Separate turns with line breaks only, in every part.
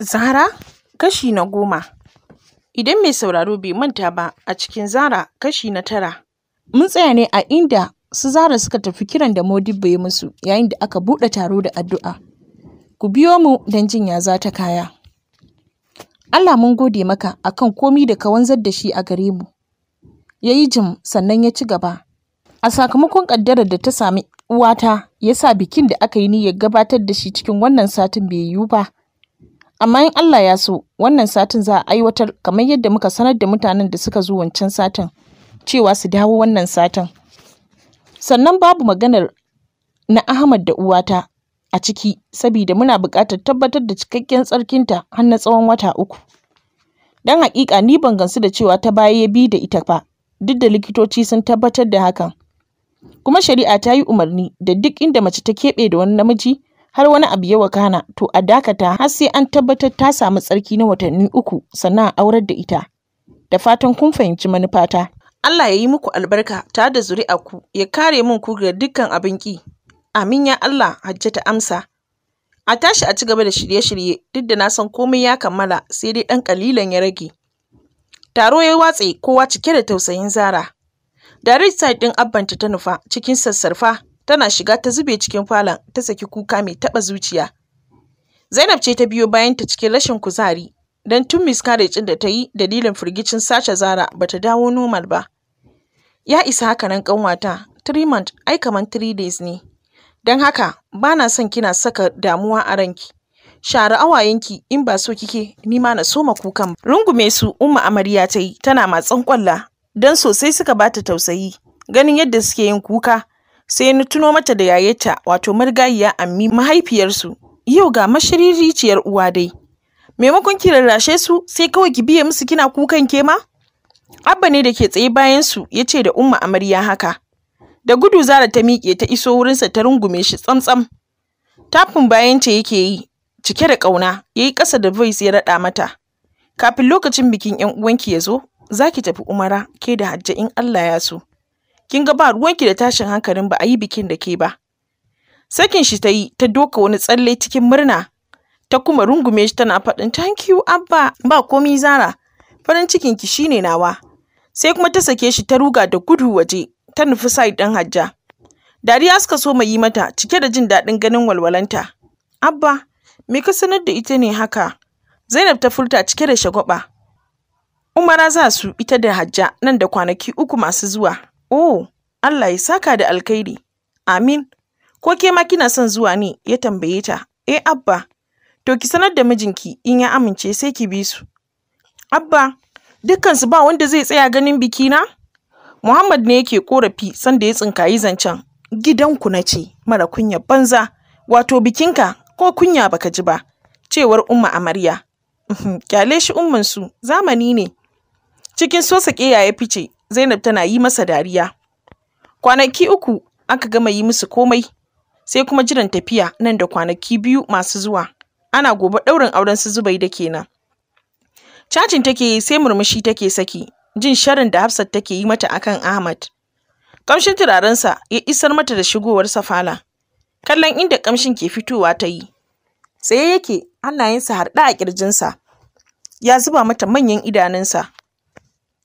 Zara kashi na goma Idan mai sauraro bai manta ba a cikin Zara kashi na tara mun tsaya ne a inda su Zara suka tafi kiran da Modibbo ya musu yayin da aka buɗe taro da addu'a. Ku biyo mu don jin ya za ta kaya. Allah mun gode maka akan komi da ka wanzar da shi a gare mu. Ya yi jim sannan ya ci gaba. A sakamakon ƙaddarar da ta sami uwata ya sa bikin da aka yi niyyar gabatar da shi cikin wannan satin bai yiwu ba. amma in Allah ya so wannan satin za a aiwatar kamar yadda muka sanar da mutanen da suka zo wancan satin cewa su dawo wannan satin sannan babu maganar na Ahmad da uwata a ciki saboda muna buƙatar tabbatar da cikakken tsarkinta har na tsawon wata uku Dan haƙiƙa ni ban gansu da cewa ta baya ya bi da ita fa duk da likitoci sun tabbatar da hakan kuma shari'a ta yi umarni da duk inda mace ta keɓe da wani namiji har wani abu ya wakana to a dakata har sai an tabbatar ta samu tsarki na watanni uku sannan a aurar da ita. Da fatan kun fahimci manufata. Allah ya yi muku albarka ta da zuri'a ku ya kare mun ku ga dukkan abin ki. Amin ya Allah hajja ta amsa. A tashi a ci gaba da shirye-shirye duk da na san komai ya kammala sai dai ɗan ƙalilan ya rage. Taro ya watse kowa cike da tausayin Zara. Da side ɗin abbanta ta nufa cikin sassarfa Tana shiga ta zube cikin falon ta saki kuka mai taɓa zuciya. Zainab ce ta biyo bayan ta cikin rashin kuzari don tun miscarriage da ta yi dalilin firgicin sace Zara ba ta dawo normal ba. Ya isa haka nan ƙanwata, three month ai kaman three days ne. Don haka ba na son kina saka damuwa a ranki. share awayenki in ba so kike ni ma na soma kukan rungume su umma amarya ta yi tana matsan kwalla don sosai suka bata tausayi ganin yadda suke yin kuka sai na tuno mata da yayeta wato margayiya ammi mahaifiyarsu yau ga mashiririciyar uwa dai maimakon ki rarrashe su sai kawai ki biye musu kina kukan ke ma abba ne da ke tsaye bayan su ya ce da umma amarya haka da gudu zara ta miƙe ta iso wurinsa ta rungume shi tsamtsam tafin bayan ta yake yi cike da ƙauna ya yi ƙasa da voice ya raɗa mata kafin lokacin bikin 'yan uwanki ya zo za ki tafi umara ke da hajja in allah ya so kin ga ba ruwanki da tashin hankalin ba a yi bikin da ke ba sakin shi ta yi ta doka wani tsalle cikin murna ta kuma rungume shi tana faɗin thank you abba ba komi zara farin cikin ki shine nawa sai kuma ta sake shi ta ruga da gudu waje ta nufi side ɗin hajja dariya suka so mai yi mata cike da jin daɗin ganin walwalanta abba me ka sanar da ita ne haka zainab ta furta cike da shagwaba umara za su ita da hajja nan da kwanaki uku masu zuwa Oh, Allah ya saka da alkhairi. Amin. Ko ke ma kina son zuwa ne? Ya tambaye ta. Eh Abba, to ki sanar da mijinki in ya amince sai ki bi su. Abba, dukkansu ba wanda zai tsaya ganin bikina? Muhammad ne yake korafi sanda ya tsinkayi zancen. ku na ce, mara kunya banza, wato bikinka ko kunya baka ji ba, cewar Umma Amarya. Uhm, kyale shi umman su zamani ne. Cikin sosa ya fice, Zainab tana yi masa dariya. Kwanaki uku aka gama yi musu komai, sai kuma jiran tafiya nan da kwanaki biyu masu zuwa. Ana gobe ɗaurin auren su Zubai da kenan. cacin take yi sai murmushi take saki, jin sharin da Hafsat take yi mata akan Ahmad. Kamshin turarensa ya isar mata da shigowar fala. Kallon inda kamshin ke fitowa ta yi. Tsaye yake hannayensa harɗa a ƙirjinsa. Ya zuba mata manyan idanunsa.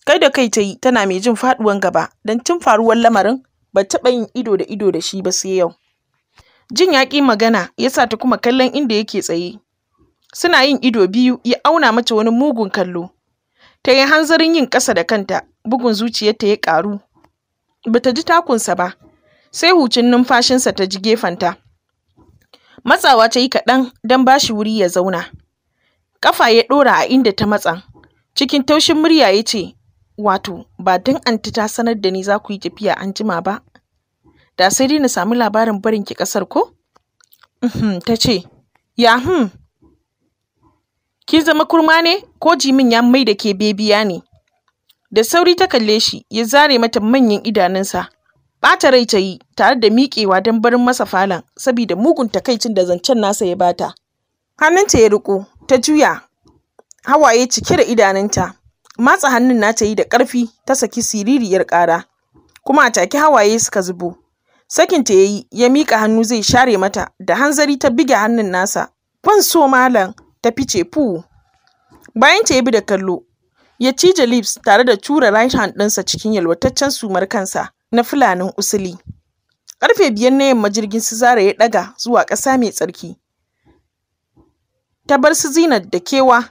Kai da kai ta yi tana mai jin faɗuwan gaba don tun faruwar lamarin ba taɓa yin ido da ido da shi ba sai yau. Jin ya magana ya sa ta kuma kallon inda yake tsaye. Suna yin ido biyu ya auna mata wani mugun kallo. Ta yi hanzarin yin ƙasa da kanta bugun zuciyarta ya ƙaru. Ba ta ji takunsa ba, sai hucin numfashinsa ta ji gefenta. Matsawa ta yi kaɗan don ba shi wuri ya zauna. Ƙafa ya ɗora a inda ta matsa. Cikin taushin murya ya ce, Wato, ba don anti ta sanar da ni za ku yi tafiya an jima ba, da sai dai na samu labarin barin ki ƙasar ko? Uhm, ta ce, ya hmm, ki zama kurma ne ko jimin ya mai da ke bebiya ne? Da sauri ta kalle shi ya zare mata manyan idanunsa, ɓata rai ta yi tare da miƙewa don barin masa falon saboda mugun takaicin da zancen nasa ya bata. Hannunta ya riko, ta juya, hawaye cike da idanunta. matsa hannun ta yi da ƙarfi ta saki siririyar ƙara kuma a take hawaye suka zubo sakin ta yayi ya mika hannu zai share mata da hanzari ta bige hannun nasa ban so malam ta fice fu bayan ta ya bi da kallo ya cije lips tare da tura right hand ɗinsa cikin yalwataccen sumar kansa na fulanin usuli ƙarfe biyar na yamma jirgin su zara ya ɗaga zuwa ƙasa mai tsarki ta bar su zinar da kewa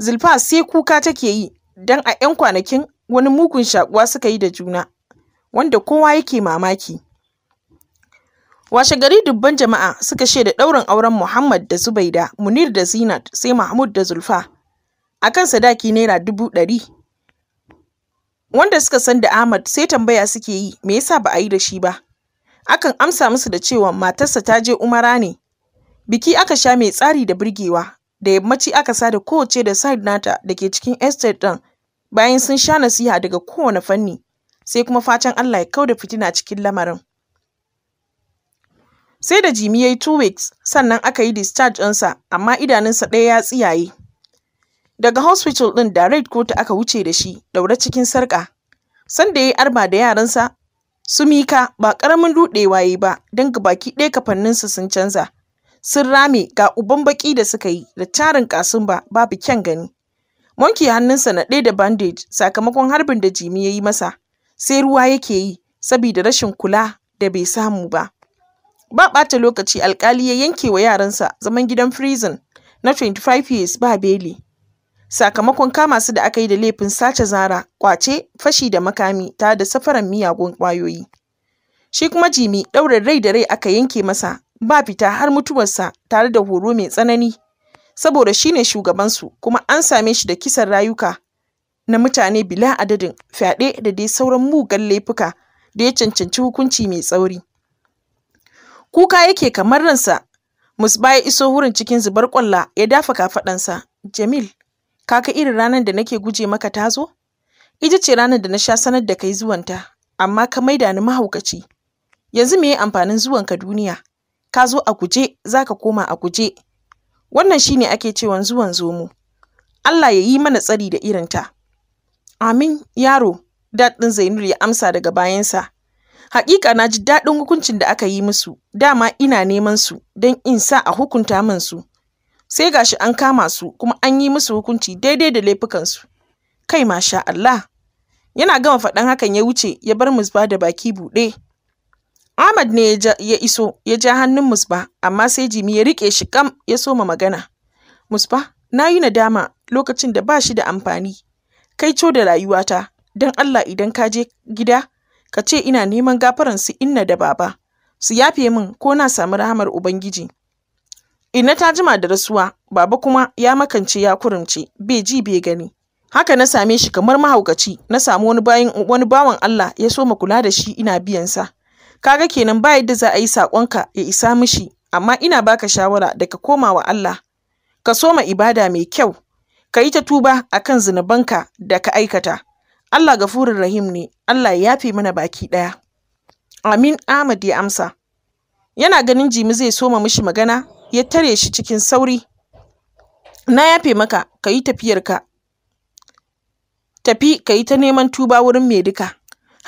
Zulfa sai kuka take yi don a 'yan kwanakin wani mugun shaƙuwa suka yi da juna, wanda kowa yake mamaki. Washegari dubban jama'a suka shaida ɗaurin auren Muhammad da Zubaida, Munir da Zinat, sai Mahmud da Zulfa, a kan sadaki Naira dubu ɗari. Wanda suka san da Ahmad sai tambaya suke yi me yasa ba a yi da shi ba. Akan amsa musu da cewa matarsa ta je Umara ne. Biki aka sha mai tsari da birgewa. da yammaci aka sada kowace da side nata da ke cikin estate ɗin bayan sun sha nasiha daga kowane fanni sai kuma fatan Allah ya kau da fitina cikin lamarin. Sai da Jimi ya yi two weeks sannan aka yi discharge ɗinsa amma idanunsa ɗaya ya tsiyaye. Daga hospital ɗin da red kotu aka wuce da shi ɗaure cikin sarƙa. Sanda ya yi arba da yaransa su mika ba ƙaramin duɗewaye ya yi ba don baki ɗaya kafanninsa sun canza. sun rame ga uban baki da suka yi da tarin kasumba babu kyan gani. Monki hannunsa na ɗaya da bandage sakamakon harbin da Jimi ya yi masa, sai ruwa yake yi saboda rashin kula da bai samu ba. Ba ɓata lokaci alkali ya yanke wa yaransa zaman gidan prison na 25 years ba beli. Sakamakon kama su da aka yi da laifin sace zara, kwace, fashi da makami ta da safaran miyagun ƙwayoyi. Shi kuma Jimi ɗaurin rai da rai aka yanke masa ba fita har mutuwarsa tare da horo mai tsanani saboda shi ne shugabansu kuma an same shi da kisan rayuka na mutane bila adadin fyaɗe da dai sauran mugan laifuka da ya cancanci hukunci mai tsauri. Kuka yake kamar ransa, Musba ya iso wurin cikin zubar ƙwalla ya dafa kafaɗansa. Jamil, kaka irin ranar da nake guje maka tazo. zo? Ita ce ranar da na sha sanar da kai zuwanta, amma ka maida ni mahaukaci. Yanzu me amfanin zuwanka duniya? ka zo a guje za ka koma a guje wannan shine ake cewan zuwan zomo Allah ya yi mana tsari da irinta amin yaro daɗin zainur ya amsa daga bayansa Haƙiƙa na ji daɗin hukuncin da aka yi musu, dama ina neman su don in sa a hukunta min su. Sai gashi an kama su kuma an yi musu hukunci daidai da laifukansu. Kai masha Allah! Yana gama faɗan hakan ya wuce ya bar mu da baki buɗe. Ahmad ne ya iso ya ja hannun Musba, amma sai Jimi ya riƙe shi kam ya soma magana. Musba, na yi nadama lokacin da ba shi da amfani. Kai co da rayuwata, don Allah idan ka je gida, ka ce ina neman gafaran su inna da baba. Su yafe min ko na samu rahamar Ubangiji. Inna ta jima da rasuwa, baba kuma ya makance ya kurumce, bai ji bai gani. Haka na same shi kamar mahaukaci, na samu wani bawan Allah ya soma kula da shi ina biyansa. kaga kenan ba yadda za a yi saƙonka ya isa mishi amma ina baka shawara da ka koma wa Allah ka soma ibada mai kyau ka yi ta tuba akan zunubanka da ka aikata Allah gafurin rahim ne Allah ya yafe mana baki ɗaya Amin Ahmad ya amsa yana ganin jimi zai soma mishi magana ya tare shi cikin sauri na yafe maka ka yi tafiyarka tafi ka yi ta neman tuba wurin mai duka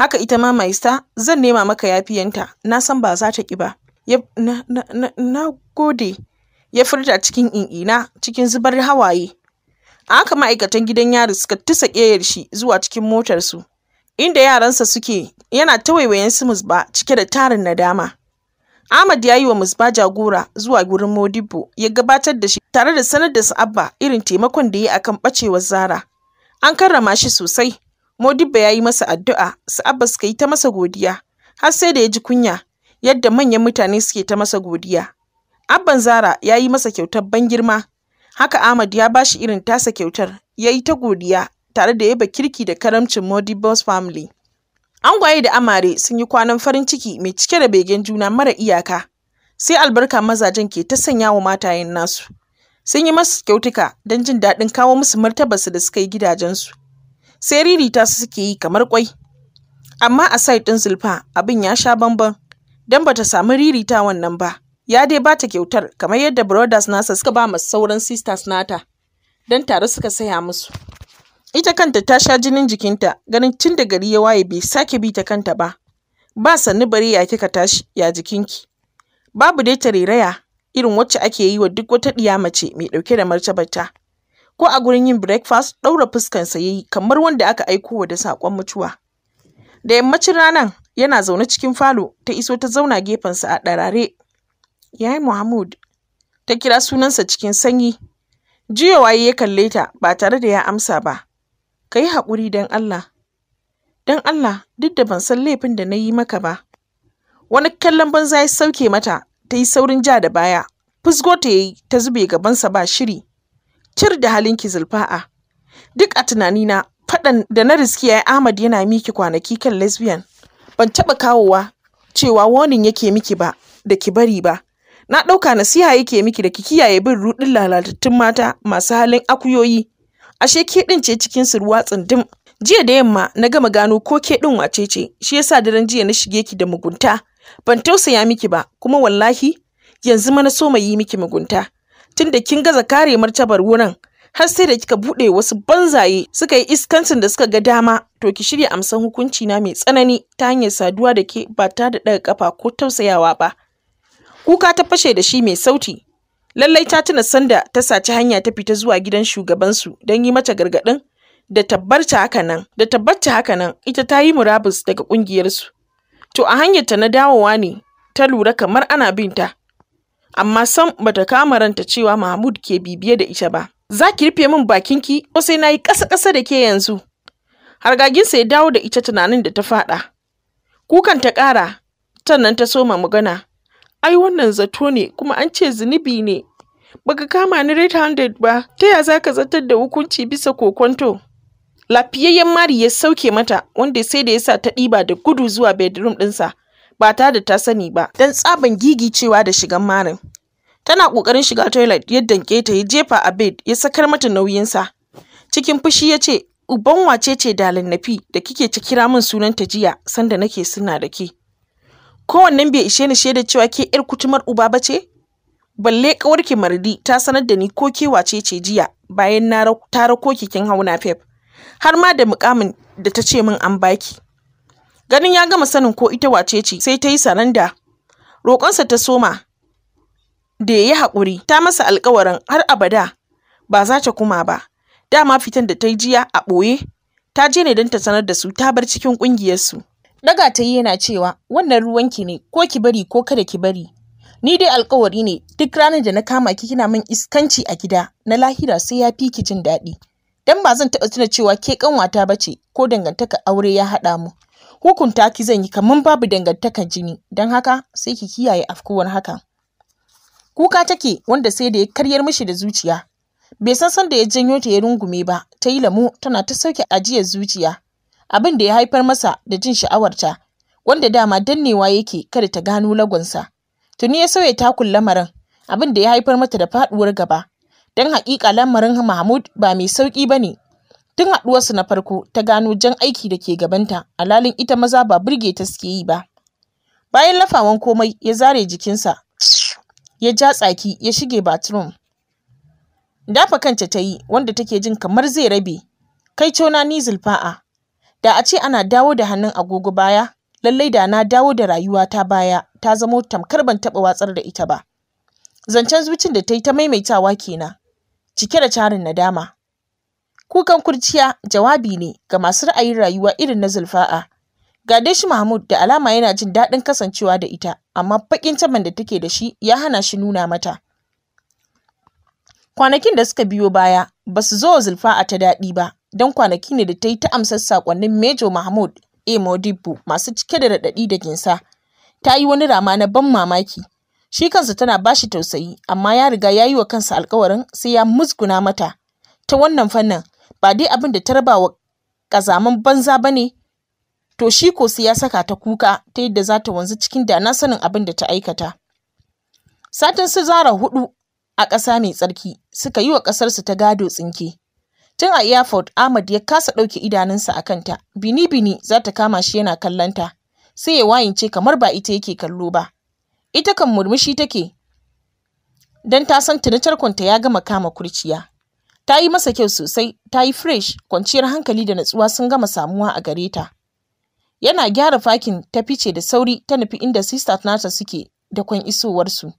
Haka ita ma Maista zan nema maka yafiyanta, na san ba za ta ki ba. na, gode, ya furta cikin in'ina cikin zubar hawaye. A haka ma'aikatan gidan yari suka tusa ƙeyar shi zuwa cikin motarsu, inda yaransa suke yana ta waiwayen su musba cike da tarin nadama. Ahmad ya yi wa musba jagora zuwa gurin Modibo ya gabatar da shi tare da sanar da su Abba irin taimakon da ya akan ɓacewar Zara. An karrama shi sosai Modibba ya yi masa addu'a, su Abba suka yi ta masa godiya, har sai da ya ji kunya yadda manyan mutane suke ta masa godiya. Abban Zara ya yi masa kyautar ban girma, haka Ahmad ya ba shi irin tasa kyautar, ya yi ta godiya tare da ya ba kirki da karamcin Modibbas family. Angwaye da amare sun yi kwanan farin ciki mai cike da begen juna mara iyaka, sai albarka mazajen ke ta sanya wa matayen nasu. Sun yi masu kyautuka don jin daɗin kawo musu martabarsu da suka yi gidajensu. sai ririta su suke yi kamar kwai amma a site ɗin zulfa abin ya sha bamban don bata samu ririta wannan ba ya dai ba ta kyautar kamar yadda brothers nasa suka ba masu sauran sisters nata don tare suka saya musu ita kanta ta sha jinin jikinta ganin tun da gari ya waye bai sake bi ta kanta ba ba sannu bari ya kika tashi ya jikinki babu dai reraya, irin wacce ake yi wa duk wata ɗiya mace mai ɗauke da martabata. ko a gurin yin breakfast ɗaura fuskarsa ya yi kamar wanda aka aiko wa da saƙon mutuwa. Da yammacin ranar yana zaune cikin falo ta iso ta zauna gefensa a ɗarare. Yayi Muhammad ta kira sunansa cikin sanyi. Jiya waye ya kalle ta ba tare da ya amsa ba. Ka yi haƙuri don Allah. Don Allah duk da ban san laifin da na yi maka ba. Wani kallon banza ya sauke mata ta yi saurin ja da baya. Fusgo ta yi ta zube gabansa ba shiri. cir da halin ki Zulfa'a. Duk a tunanina faɗan da na riski ya Ahmad yana miki kwanaki kan lesbian. Ban taɓa kawowa cewa warning yake miki ba da ki bari ba. Na ɗauka nasiha yake miki da ki kiyaye bin ruɗin lalatattun mata masu halin akuyoyi. Ashe ke ɗin ce cikin ruwa tsindim. Jiya da yamma na gama gano ko ke ɗin wace ce, shi yasa daren jiya na shige ki da mugunta. Ban tausaya miki ba, kuma wallahi yanzu ma na so mai yi miki mugunta. tunda kin gaza kare martabar wurin har sai da kika buɗe wasu banzaye suka yi iskancin da suka ga dama to ki shirya amsan hukunci na mai tsanani ta hanyar saduwa da ke ba ta da ɗaga kafa ko tausayawa ba kuka ta fashe da shi mai sauti lallai ta tuna sanda ta saci hanya ta fita zuwa gidan shugabansu don yi mata gargaɗin da tabbarta haka nan da tabbarta haka nan ita ta yi murabus daga ƙungiyarsu to a hanyarta na dawowa ne ta lura kamar ana binta amma sam bata kama ranta cewa Mahmud ke bibiye da ita ba. Za ki rufe min bakinki ko sai na yi ƙasa-ƙasa da ke yanzu. Hargaginsa ya dawo da ita tunanin da ta faɗa. Kukan ta ƙara, sannan ta soma magana. Ai wannan zato ne kuma an ce zunubi ne. Baka kama ni rate hundred ba, ta ya za ka zartar da hukunci bisa kokonto? Lafiyayyen Mari ya sauke mata wanda sai da ya sa ta ɗiba da gudu zuwa bedroom ɗinsa ba ta da ta sani ba don tsaban gigi cewa da shigan marin. Tana ƙoƙarin shiga toilet ya danke ta ya jefa a bed ya sakar mata nauyinsa. Cikin fushi ya ce, Uban wace ce da lannafi da kike ta kira min sunanta jiya sanda nake suna da ke. Kowannen bai ishe ni shaida cewa ke ‘yar kutumar uba ba ce? Balle kawarki mardi ta sanar da ni ko ke wace ce jiya bayan na tara ko kikin hauna fef. Har ma da mukamin da ta ce min an baki. ganin ya gama sanin ko ita wace ce sai ta yi saranda roƙonsa ta soma da ya yi haƙuri ta masa alƙawarin har abada ba za ta kuma ba dama fitan da ta yi jiya a ɓoye ta je ne don ta sanar da su ta bar cikin ƙungiyarsu daga ta yi yana cewa wannan ruwan ki ne ko ki bari ko kada ki bari ni dai alƙawari ne duk ranar da na kama ki kina min iskanci a gida na lahira sai ya fi ki jin daɗi dan ba zan taɓa tuna cewa ke ƙanwata ba ce ko dangantaka aure ya haɗa mu hukunta ki zan yi kamar babu dangantakar jini don haka sai ki kiyaye afkuwar hakan kuka take wanda sai da ya karyar mishi da zuciya bai san san da ya janyo ta ya rungume ba ta yi lamu tana ta sauke ajiyar zuciya abin da ya haifar masa da jin sha'awarta wanda dama dannewa yake kada ta gano lagonsa tuni ya sauya takun lamarin abin da ya haifar mata da faduwar gaba don haƙiƙa lamarin Mahmud ba mai sauƙi ba ne Tun haɗuwarsu na farko ta gano jan aiki da ke gabanta, a lalin ita maza ba burge ta suke yi ba. Bayan lafawan komai, ya zare jikinsa, ya ja tsaki, ya shige bathroom. Dafa kanta ta yi, wanda take jin kamar zai rabe. Kai cona ni zulfa'a. Da a ce ana dawo da hannun agogo baya, lallai da na dawo da rayuwa ta baya, ta zamo tamkar ban taɓa watsar da ita ba. Zancen zucin da ta yi ta maimaitawa kenan, cike da carin nadama. Kukan kurciya jawabi ne ga masu ra'ayin rayuwa irin na Zulfa'a. Ga dai shi Mahmud da alama yana jin daɗin kasancewa da ita, amma baƙin taban da take da shi ya hana shi nuna mata. Kwanakin da suka biyo baya ba su zo wa Zulfa'a ta daɗi ba, don kwanaki ne da ta yi ta amsar saƙonnin Mejo Mahmud A. Modibo masu cike da raɗaɗi da ginsa. Ta yi wani rama na ban mamaki. Shi kansa tana ba shi tausayi, amma ya riga ya yi wa kansa alkawarin sai ya musguna mata. Ta wannan fannin, ba dai abin da ta raba wa ƙazaman banza ba ne to shi ko sai ya saka ta kuka ta yadda za ta wanzu cikin da na sanin abin da ta aikata satin su zara hudu a ƙasa mai tsarki suka yi wa ƙasarsu ta gado tsinke tun a Airford, ahmad ya kasa ɗauke idanunsa a kanta bini bini za ta kama shi yana kallonta sai ya wayance kamar ba ita yake kallo ba ita kan murmushi take don ta san tunatar tarkonta ya gama kama kurciya ta yi masa kyau sosai ta yi fresh kwanciyar hankali da natsuwa sun gama samuwa a gare ta yana gyara fakin ta fice da sauri ta nufi inda sisters nata suke da kwan isowarsu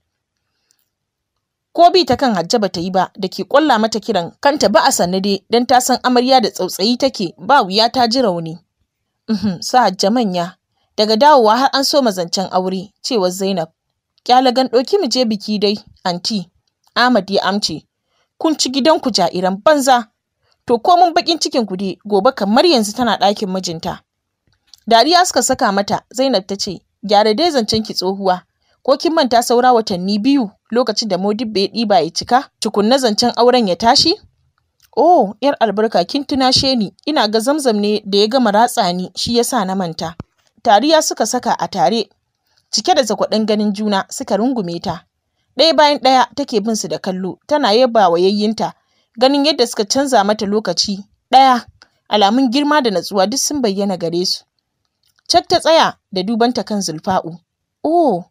ko bi ta kan hajja ta yi ba da ke kwalla mata kiran kanta ba a sanne dai don ta san amarya da tsautsayi take ba wuya ta ji rauni uhm, sa hajja manya daga dawowa har an so mazancen aure cewa zainab kyalagan ɗoki, mu je biki dai anti ahmad ya amce kun ci gidanku ja'iran banza to ko komin bakin cikin ku gobe kamar yanzu tana ɗakin mijinta dariya suka saka mata zainab ta ce gyara dai zancen ki tsohuwa ko kin manta saura watanni biyu lokacin da Modibbe ya ɗiba ya cika tukunna zancen auren ya tashi oh yar albarka kin tunashe ni ina ga zamzam ne da ya gama ratsa ni shi yasa na manta tariya suka saka a tare cike da zakwaɗin ganin juna suka rungume ta ɗaya bayan ɗaya take bin su da kallo tana yaba wa yayyinta ganin yadda suka canza mata lokaci ɗaya alamun girma da natsuwa duk sun bayyana gare su cak ta tsaya da dubanta kan zulfa'u oh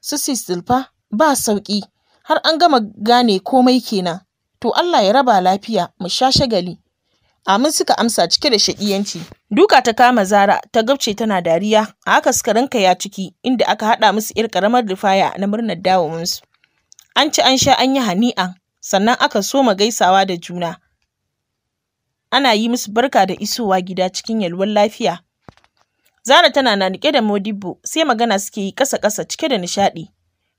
sisi zulfa ba sauƙi har an gama gane komai kenan to Allah ya raba lafiya mu sha shagali Amin suka amsa cike da shaƙiyanci. Duka ta kama Zara ta gabce tana dariya, a haka suka ranka ya ciki inda aka haɗa musu 'yar ƙaramar rufaya na murnar su. An ci an sha an yi hani'an, sannan aka soma gaisawa da juna, ana yi musu barka da isowa gida cikin yalwar lafiya. Zara tana na nike da Modibo, sai magana suke yi ƙasa-ƙasa cike da nishaɗi.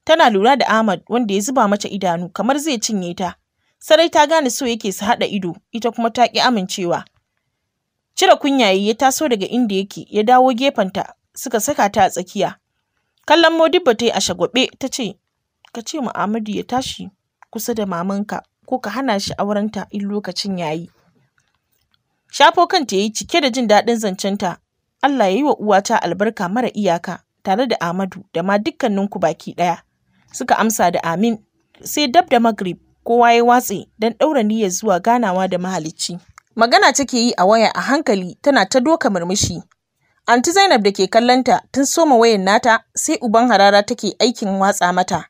Tana lura da Ahmad wanda ya zuba mata idanu kamar zai cinye ta. Sarai ta gane so yake su haɗa ido, ita kuma ta ƙi amincewa. Cire kunyaye ya taso daga inda yake ya dawo gefenta suka saka ta a tsakiya. Kallon Modibbo ta yi a shagwaɓe ta ce, ka ce ma Amadu ya tashi kusa da mamanka ko ka hana shi aurenta in lokacin ya yi. Shafo kanta ya yi cike da jin daɗin zancenta, Allah ya yi wa uwata albarka mara iyaka tare da Amadu da ma dukkaninku baki ɗaya. Suka amsa da amin, sai dab da Maghrib kowa ya watse don ɗaura niyyar zuwa ganawa da mahalicci. Magana take yi a waya a hankali tana ta doka murmushi. Anti Zainab da ke kallonta tun soma wayan nata sai uban harara take aikin watsa mata.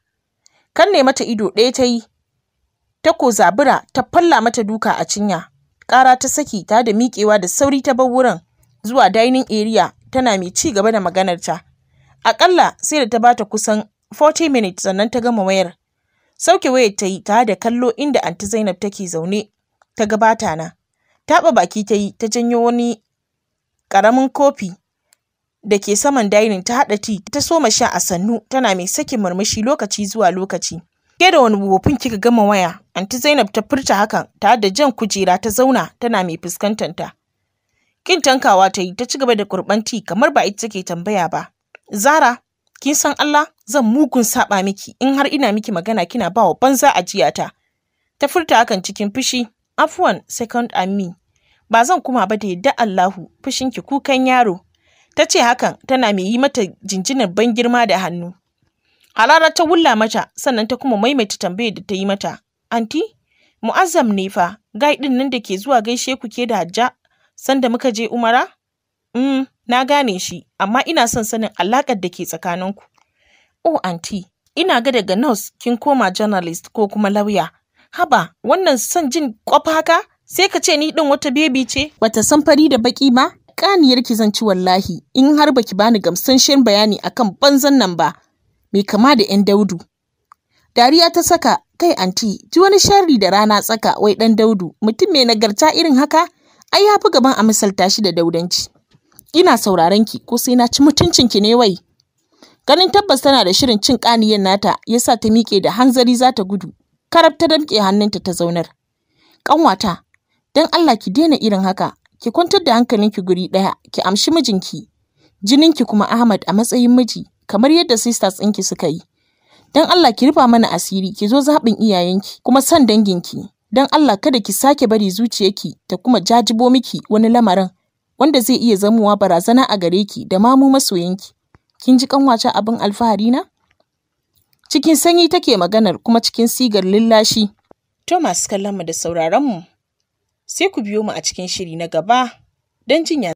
Kanne mata ido ɗaya ta yi, ta ko zabura ta falla mata duka a cinya. Ƙara ta saki ta da miƙewa da sauri ta bar wurin zuwa dining area tana mai ci gaba da maganar ta Aƙalla sai da ta ba ta kusan 40 minutes sannan ta gama wayar. Sauke wayar ta yi ta da kallo inda anti Zainab take zaune ta gabata na. Taɓa baki ta yi ta janyo wani ƙaramin kofi da ke saman dainin ta haɗa ti ta soma sha a sannu tana mai sakin murmushi lokaci zuwa lokaci. Ke da wani bubufin kika gama waya, anti Zainab ta furta hakan tare da jan kujera ta zauna tana mai fuskantar ta Kin tankawa ta yi ta ci gaba da kurban ti kamar ba ita take tambaya ba. Zara, kin san Allah zan mugun saba miki in har ina miki magana kina bawa banza a ta. Ta furta hakan cikin fushi, afwan second ami. Ba zan kuma ba da yadda Allahu fushin ki kukan yaro. ta ce hakan tana mai yi mata jinjinar ban girma da hannu halara ta wulla mata sannan ta kuma maimaita tambayar da ta yi mata anti mu'azzam ne fa gai ɗin nan da ke zuwa gaishe ku ke da hajja sanda muka je umara mm, na gane shi amma ina son sanin alaƙar da ke tsakaninku oh anti ina ga daga nurse kin koma journalist ko kuma lauya haba wannan son jin kwafa haka sai ka ce ni ɗin wata bebi ce wata samfari da baki ba ƙaniyar ki zan ci wallahi in har baki bani gamsasshen bayani akan banzan nan ba mai kama da yan daudu dariya ta saka kai anti ji wani sharri da rana tsaka wai ɗan daudu mutum mai nagarta irin haka ai ya fi gaban a misalta shi da daudanci ina sauraron ki ko sai na ci mutuncin ki ne wai ganin tabbas tana da shirin cin ƙaniyar nata yasa ta miƙe da hanzari za ta gudu karab ta damƙe hannunta ta zaunar ƙanwata don Allah ki daina irin haka ki kwantar da hankalinki guri ɗaya ki amshi mijinki jininki kuma Ahmad a matsayin miji kamar yadda sisters ɗinki suka yi don Allah ki rufa mana asiri ki zo zaɓin iyayenki kuma son danginki don Allah kada ki sake bari zuciyarki ta kuma jajibo miki wani lamarin wanda zai iya zamowa barazana a gare ki da mamu masoyanki kin ji kanwace abin alfahari na cikin sanyi take maganar kuma cikin sigar lillashi Thomas masu kallon da sauraron mu sai ku biyo mu a cikin shiri na gaba don jin